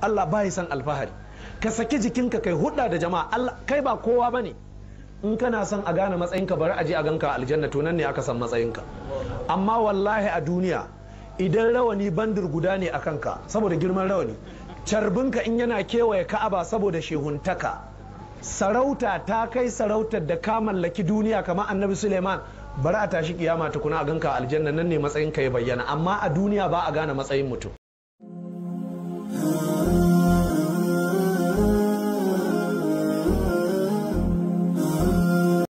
Allah ba ya san alfahari ka saki jikinka kai hudda da jama'a Allah kai ba kowa bane in kana son a gane matsayinka bari a je a ganka aljanna to nan ne aka san matsayinka amma wallahi a duniya idan rawani bandir guda ne a kanka saboda girman rawani carbinka in yana kewaye ka'aba saboda shehuntaka sarauta ta kai sarautar da ka mallaki duniya kamar annabi suleiman bari a tashi kiyama tukuna a ganka aljanna nan ne matsayin ya bayyana amma a duniya ba a gane matsayin mutum